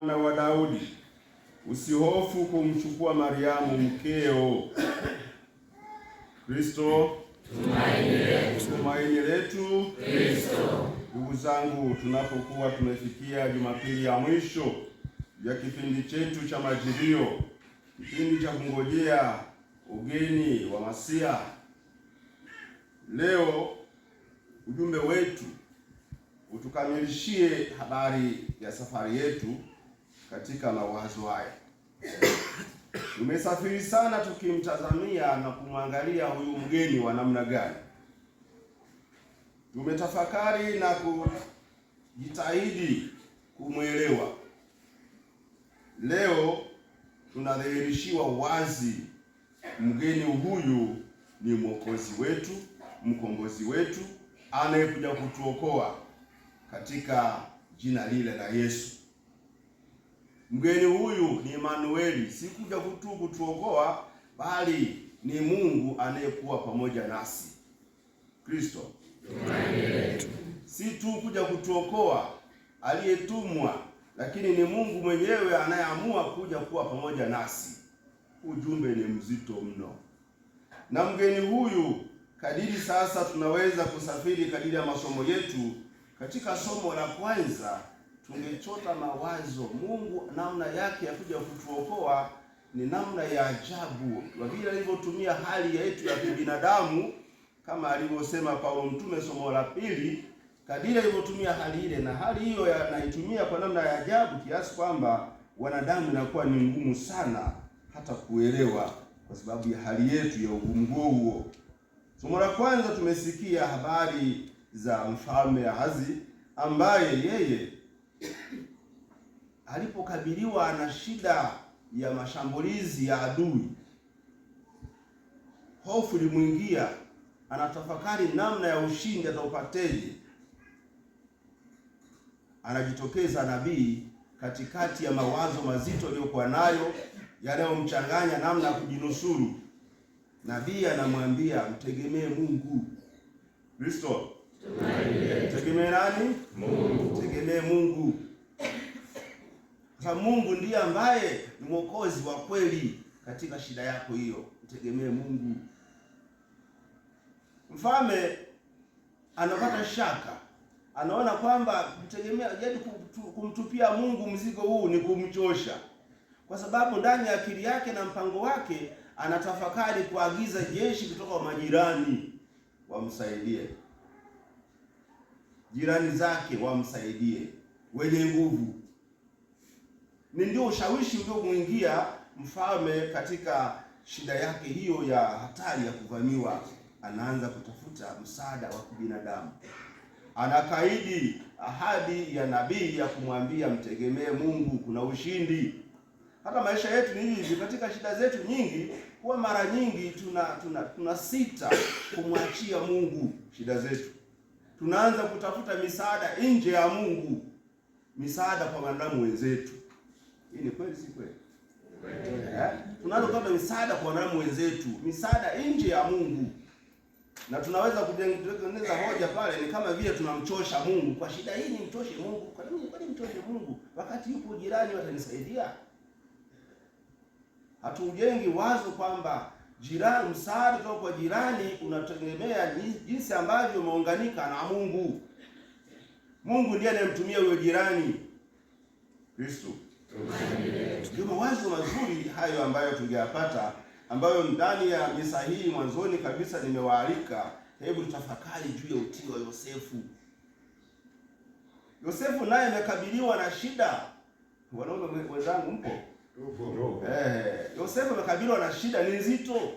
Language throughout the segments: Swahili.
mwana wa Daudi, usihofu kumchukua Mariamu mkeo. Kristo tumaini letu. Ndugu zangu, tunapokuwa tumefikia Jumapili ya mwisho ya kipindi chetu cha Majilio, kipindi cha kungojea ugeni wa Masia, leo ujumbe wetu utukamilishie habari ya safari yetu katika mawazo haya. Tumesafiri sana tukimtazamia na kumwangalia huyu mgeni wa namna gani. Tumetafakari na kujitahidi kumwelewa. Leo tunadhihirishiwa wazi mgeni huyu ni mwokozi wetu, mkombozi wetu, anayekuja kutuokoa katika jina lile la Yesu. Mgeni huyu ni Emanueli, si kutu kutuokoa, bali ni Mungu anayekuwa pamoja nasi. Kristo si tu kuja kutuokoa aliyetumwa, lakini ni Mungu mwenyewe anayeamua kuja kuwa pamoja nasi. Ujumbe ni mzito mno, na mgeni huyu kadiri sasa tunaweza kusafiri kadiri ya masomo yetu. Katika somo la kwanza tungechota mawazo Mungu namna yake ya kuja kutuokoa ni namna ya ajabu, kwa vile alivyotumia hali yetu ya kibinadamu, kama alivyosema Paulo mtume somo la pili, kadiri alivyotumia hali ile, na hali hiyo yanaitumia kwa namna ya ajabu kiasi kwamba wanadamu inakuwa ni ngumu sana hata kuelewa, kwa sababu ya hali yetu ya ugumu huo. Somo la kwanza tumesikia habari za mfalme Ahazi ambaye yeye alipokabiliwa na shida ya mashambulizi ya adui, hofu ilimwingia. Anatafakari namna ya ushindi ataupateje. Anajitokeza nabii katikati ya mawazo mazito aliyokuwa nayo yanayomchanganya namna ya kujinusuru. Nabii anamwambia mtegemee Mungu. Kristo, tegemee nani? Mungu. Mtegemee Mungu cha Mungu ndiye ambaye ni mwokozi wa kweli. Katika shida yako hiyo, mtegemee Mungu. Mfalme anapata shaka, anaona kwamba kumtegemea, yaani kumtupia Mungu mzigo huu ni kumchosha, kwa sababu ndani ya akili yake na mpango wake anatafakari kuagiza jeshi kutoka kwa majirani wamsaidie, jirani zake wamsaidie, wenye nguvu ni ndio ushawishi uliomwingia mfalme katika shida yake hiyo ya hatari ya kuvamiwa. Anaanza kutafuta msaada wa kibinadamu, anakaidi ahadi ya nabii ya kumwambia mtegemee Mungu, kuna ushindi. Hata maisha yetu ni hivi, katika shida zetu nyingi huwa mara nyingi tuna, tuna, tuna sita kumwachia Mungu shida zetu, tunaanza kutafuta misaada nje ya Mungu, misaada kwa wanadamu wenzetu. Hii ni kweli, si kweli? Eh? Tunalopata misaada kwa wanadamu wenzetu, misaada nje ya Mungu, na tunaweza kutengeneza hoja pale, ni kama vile tunamchosha Mungu kwa shida hii. Nimchoshe Mungu kwa nini? Kwani mchoshe Mungu wakati yupo jirani, watanisaidia? Hatujengi wazo kwamba jirani, msaada kutoka kwa jirani unategemea jinsi ambavyo umeunganika na Mungu. Mungu ndiye anayemtumia huyo jirani Kristo. Tukiwa mawazo mazuri hayo ambayo tungeyapata, ambayo ndani ya misa hii mwanzoni kabisa nimewaalika, hebu tutafakari juu ya utii wa Yosefu. Yosefu naye amekabiliwa na shida. Wanaume wenzangu mpo? Eh, Yosefu amekabiliwa na shida ni nzito.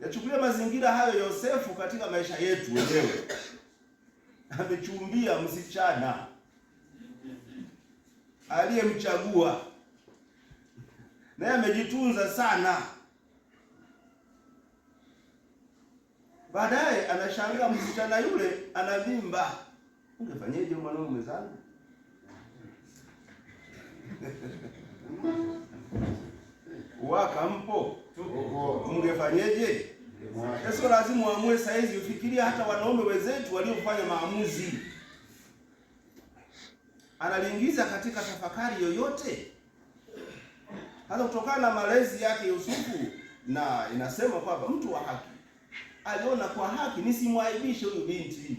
Yachukulia mazingira hayo Yosefu katika maisha yetu wenyewe. Amechumbia msichana aliyemchagua, naye amejitunza sana. Baadaye anashangaa msichana yule ana mimba. Ungefanyeje mwanao mwenzangu? wakampo mngefanyeje? Sio lazima uamue saizi, ufikirie hata wanaume wenzetu waliofanya maamuzi analiingiza katika tafakari yoyote. Hata kutokana na malezi yake Yusufu, na inasema kwamba mtu wa haki aliona kwa haki nisimwaibishe huyu binti,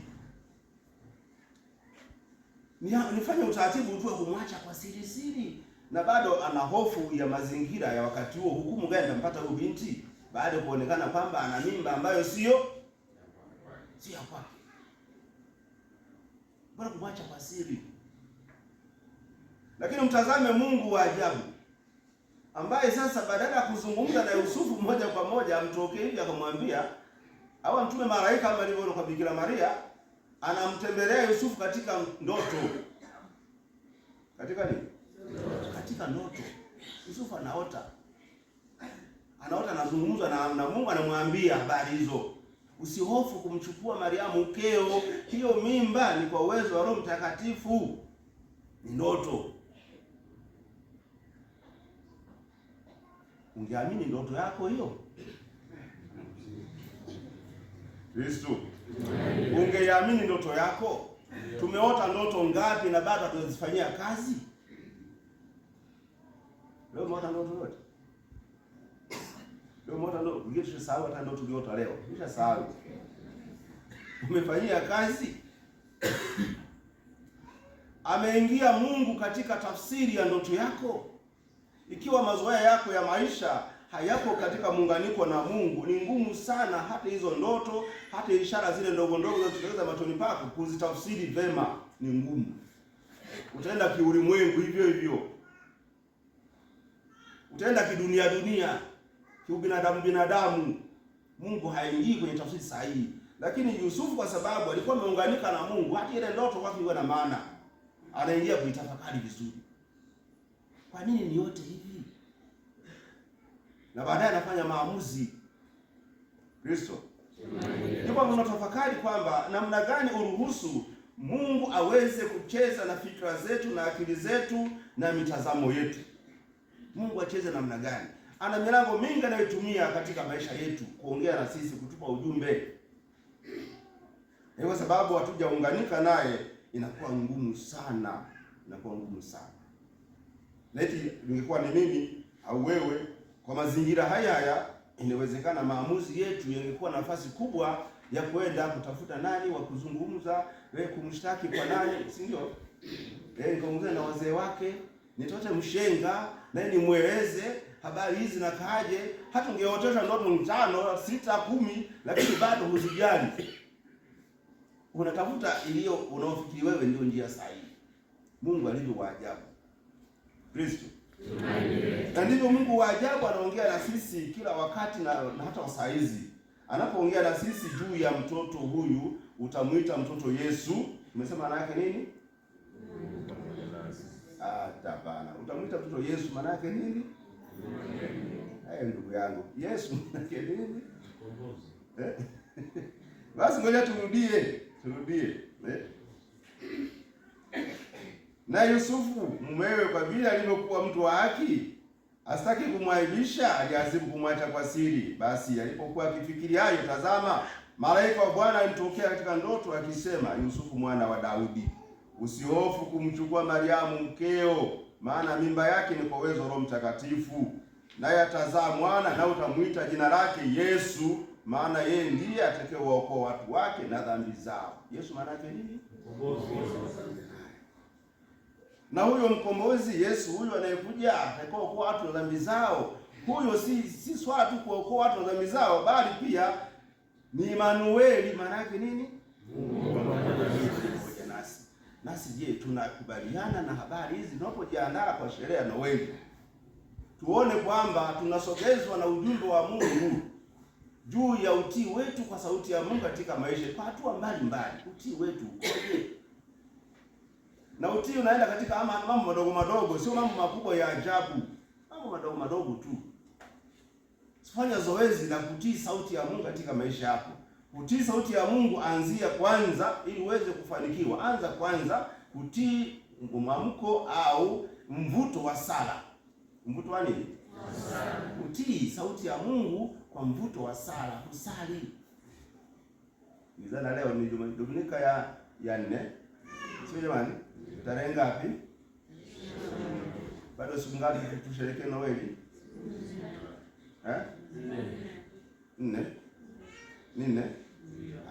nifanye utaratibu tu kumwacha kwa siri siri, na bado ana hofu ya mazingira ya wakati huo, hukumu gani tampata huyu binti baada ya kuonekana kwamba ana mimba ambayo sio sio ya kwake, bora kumwacha kwa siri. Lakini mtazame Mungu wa ajabu ambaye sasa badala ya kuzungumza na Yusufu moja kwa moja amtokee hivi akamwambia au amtume malaika kama alivyoona kwa Bikira Maria, anamtembelea Yusufu katika ndoto. Katika nini? Katika ndoto. Yusufu anaota. Anaota anazungumza na, na Mungu anamwambia habari hizo. Usihofu kumchukua Mariamu mkeo, hiyo mimba ni kwa uwezo wa Roho Mtakatifu. Ni ndoto. Ungeamini ndoto yako hiyo? Kristo, ungeamini ndoto yako? Tumeota ndoto ngapi na bado hatuzifanyia kazi? Leo umeota ndoto yote? Leo umeota ndoto, ungekuwa tusahau hata ndoto uliota leo. Umeshasahau. Umefanyia kazi? Ameingia Mungu katika tafsiri ya ndoto yako? Ikiwa mazoea yako ya maisha hayako katika muunganiko na Mungu, ni ngumu sana hata hizo ndoto, hata ishara zile ndogo ndogo zinazotokeza machoni pako kuzitafsiri vema, ni ngumu. Utaenda kiulimwengu hivyo hivyo, utaenda kidunia dunia, kiubinadamu binadamu. Mungu haingii kwenye tafsiri sahihi. Lakini Yusufu kwa sababu alikuwa ameunganika na Mungu, hata ile ndoto kwake iwe na maana, anaingia kuitafakari vizuri. Kwa nini ni yote hivi? na baadaye anafanya maamuzi. Kristo ndipo mnatafakari kwamba namna gani uruhusu Mungu aweze kucheza na fikra zetu na akili zetu na mitazamo yetu. Mungu acheze namna gani? Ana milango mingi anayotumia katika maisha yetu kuongea na sisi, kutupa ujumbe. Na kwa sababu hatujaunganika naye, inakuwa ngumu sana, inakuwa ngumu sana. Laiti ningekuwa ni mimi au wewe kwa mazingira haya haya, inawezekana maamuzi yetu yangekuwa nafasi kubwa ya kwenda kutafuta nani wa kuzungumza, wewe kumshtaki kwa nani, si ndio? Eh, nikaongea na wazee wake, nitote mshenga naye nimweleze habari hizi na kaje. Hata ungeotesha ndoto mtano, sita kumi, lakini bado huzijali, unatafuta iliyo unaofikiri wewe ndio njia sahihi. Mungu alivyo wa ajabu, Kristo na ndivyo Mungu wa ajabu anaongea na sisi kila wakati na, na hata saa hizi anapoongea na sisi juu ya mtoto huyu, utamwita mtoto Yesu. Umesema maana yake nini? Hata utamwita mtoto Yesu maana yake nini? Eh, ndugu yangu, Yesu maana yake nini? Eh? Basi ngoja turudie, turudie eh? Na Yusufu mumewe kwa vile alivyokuwa mtu wa haki, asitaki kumwaibisha, aliazimu kumwacha kwa siri. Basi alipokuwa akifikiri hayo, tazama, malaika wa Bwana alimtokea katika ndoto akisema, Yusufu mwana wa Daudi, usihofu kumchukua Mariamu mkeo, maana mimba yake ni kwa uwezo Roho Mtakatifu, naye atazaa mwana na utamwita jina lake Yesu, maana yeye ndiye atakayewaokoa watu wake na dhambi zao. Yesu maana yake nini? na huyo mkombozi Yesu, huyo anayekuja atakayeokoa watu na dhambi zao, huyo si si swala tu kuokoa watu na dhambi zao, bali pia ni Emanueli. Maana yake nini? Pamoja nasi. Nasi je, tunakubaliana na habari hizi tunapojiandaa kwa sherehe ya Noeli? Tuone kwamba tunasogezwa na ujumbe wa Mungu juu ya utii wetu kwa sauti ya Mungu katika maisha kwa hatua mbalimbali. Utii wetu ukoje? na utii unaenda katika ama mambo madogo madogo, sio mambo makubwa ya ajabu, mambo madogo madogo tu. Fanya zoezi la kutii sauti ya Mungu katika maisha yako. Kutii sauti ya Mungu, anzia kwanza, ili uweze kufanikiwa. Anza kwanza kutii mwamko au mvuto wa sala. Mvuto wa nini? Kutii sauti ya Mungu kwa mvuto wa sala, kusali. Mizana leo ni Dominika ya ya nne, sio jamani? Tarehe ngapi? Bado siku ngapi tushereke Noeli? Eh? Nne. Nne?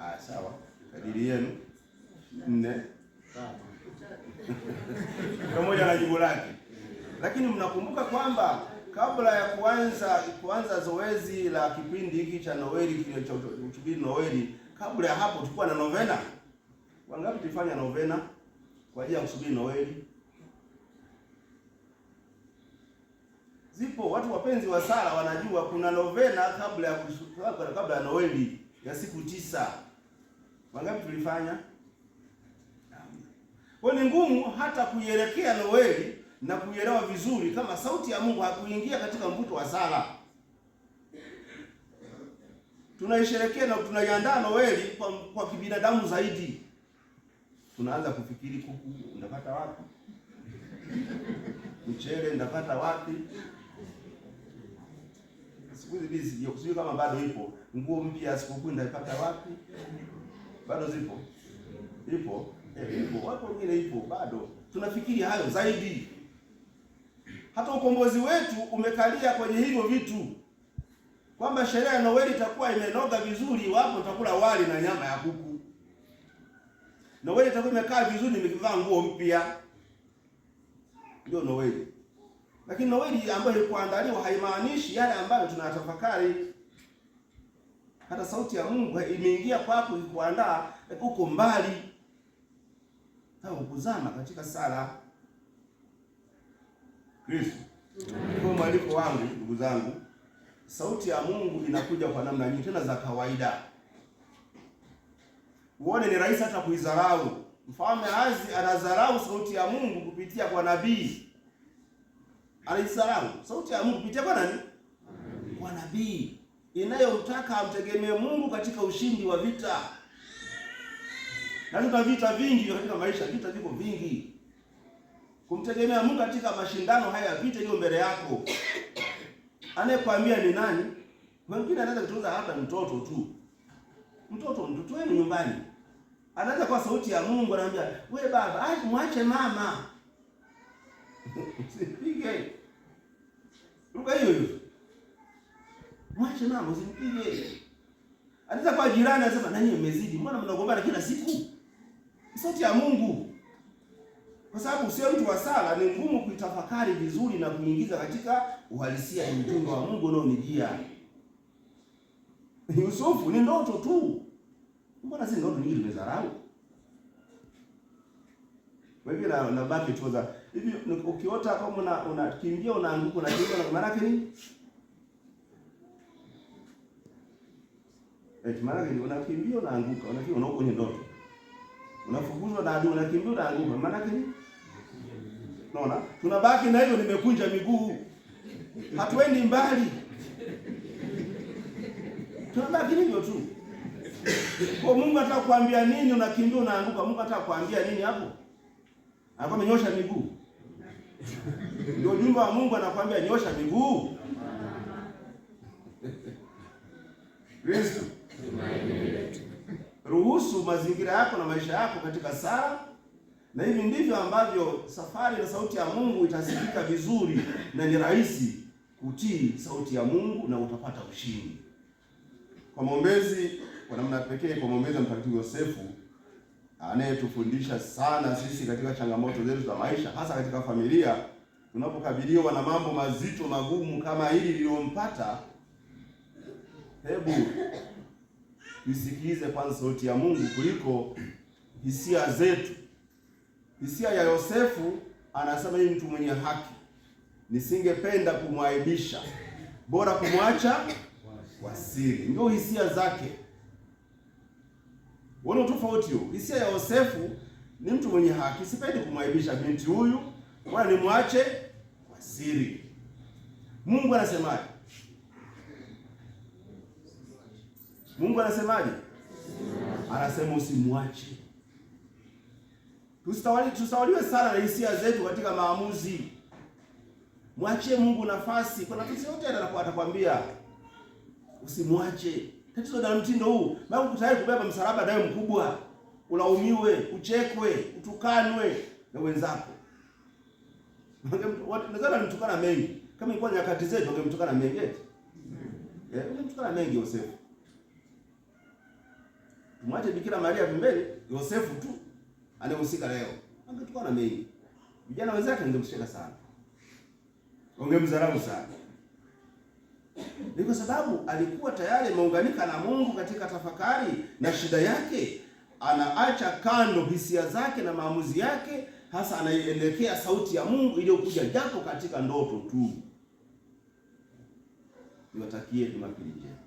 Ah, sawa. Kadiri yenu. Nne. Pamoja na jibu lake. Lakini mnakumbuka kwamba kabla ya kuanza kuanza zoezi la kipindi hiki cha Noeli kinachohubiri Noeli, kabla ya hapo tulikuwa na novena. Wangapi tulifanya novena? kwa ajili ya kusubiri Noeli. Zipo watu wapenzi wa sala wanajua kuna novena kabla ya kabla ya Noeli ya siku tisa. Wangapi tulifanya? Kwa ni ngumu hata kuielekea Noeli na kuielewa vizuri kama sauti ya Mungu hakuingia katika mvuto wa sala. Tunaisherekea na tunaiandaa Noeli kwa, kwa kibinadamu zaidi tunaanza kufikiri kuku ndapata wapi, mchele ndapata wapi. Siku hizi sijui kama bado ipo. Nguo mpya sikukuu ndapata wapi? Bado zipo, ipo eh, ipo, watu wengine ipo bado. Tunafikiri hayo zaidi. Hata ukombozi wetu umekalia kwenye hivyo vitu, kwamba sherehe ya Noeli itakuwa imenoga vizuri wapo utakula wali na nyama ya kuku. Noeli itakuwa imekaa vizuri nimevaa nguo mpya. Ndio Noeli. Lakini Noeli ambayo ilikuandaliwa haimaanishi yale ambayo tunatafakari. Hata sauti ya Mungu imeingia kwako ikuandaa kuko mbali. Au kuzama katika sala. Kristo. Kwa mwaliko wangu ndugu zangu, sauti ya Mungu inakuja kwa namna nyingi tena za kawaida uone ni rahisi hata kuidharau. Mfalme Ahazi anadharau sauti ya Mungu kupitia kwa nabii, alidharau sauti ya Mungu kupitia kwa nani? Kwa nabii, inayotaka amtegemee Mungu katika ushindi wa vita. Na vita vingi katika maisha, vita viko vingi. Kumtegemea Mungu katika mashindano haya ya vita hiyo mbele yako, anayekwambia ni nani? Mwingine anaweza kutunza hata mtoto tu, mtoto mtoto wenu nyumbani anaanza kwa sauti ya Mungu anamwambia, "Wewe baba, aje mwache mama." sipige Ruka hiyo hiyo. Mwache mama usimpige. Anaanza kwa jirani anasema, "Nani umezidi, Mbona mnagombana kila siku?" Sauti ya Mungu. Kwa sababu sio mtu wa sala, ni ngumu kuitafakari vizuri na kuingiza katika uhalisia ya mtume wa Mungu unaonijia. Yusufu ni ndoto tu. Mbona si ndoto nyingi tumezarau? Kwa hivyo na na baki tuza Hivi ukiota kama una unakimbia unaanguka na unakimbia na maana yake ni Eh, maana yake ni unakimbia unaanguka, unakimbia unaoko kwenye ndoto. Unafukuzwa na adui unakimbia unaanguka. Maana yake ni Unaona? Tunabaki na hiyo nimekunja miguu. Hatuendi mbali. Tunabaki hivyo tu. Kwa Mungu anataka kuambia nini? Unakimbia unaanguka. Mungu anataka kuambia nini hapo? Anakuwa amenyosha miguu. Ndio jumba wa Mungu anakuambia nyosha miguu. Kristo. Ruhusu mazingira yako na maisha yako katika sala. Na hivi ndivyo ambavyo safari na sauti ya Mungu itasikika vizuri na ni rahisi kutii sauti ya Mungu na utapata ushindi. Kwa maombezi kwa namna pekee kwa mwombezi Mtakatifu Yosefu anayetufundisha sana sisi katika changamoto zetu za maisha, hasa katika familia tunapokabiliwa na mambo mazito magumu kama hili lililompata. Hebu tusikilize kwanza sauti ya Mungu kuliko hisia zetu. Hisia ya Yosefu, anasema yeye mtu mwenye haki, nisingependa kumwaibisha, bora kumwacha wasiri. Ndio hisia zake. Uone tofauti huo. Hisia ya Yosefu ni mtu mwenye haki, sipendi kumwaibisha binti huyu, wala nimwache kwa siri. Mungu anasemaje? Mungu anasemaje? Anasema usimwache. Tusitawaliwe sana na hisia zetu katika maamuzi. Mwachie Mungu nafasi. Kuna mtu yote atakwambia usimwache. Tatizo la mtindo huu, maana uko tayari kubeba msalaba dawe mkubwa, ulaumiwe, uchekwe, utukanwe na wenzako. Nadhani mtukana mengi. Kama ilikuwa nyakati zetu angemtukana mengi eti. Eh, eh angemtukana mengi Yosefu. Tumwache Bikira Maria pembeni, Yosefu tu anayehusika leo. Angetukana mengi. Vijana wenzake angemshika sana. Wangemdharau sana. Ni kwa sababu alikuwa tayari ameunganika na Mungu katika tafakari na shida yake, anaacha kando hisia zake na maamuzi yake, hasa anaielekea sauti ya Mungu iliyokuja japo katika ndoto tu. Niwatakie Jumapili njema.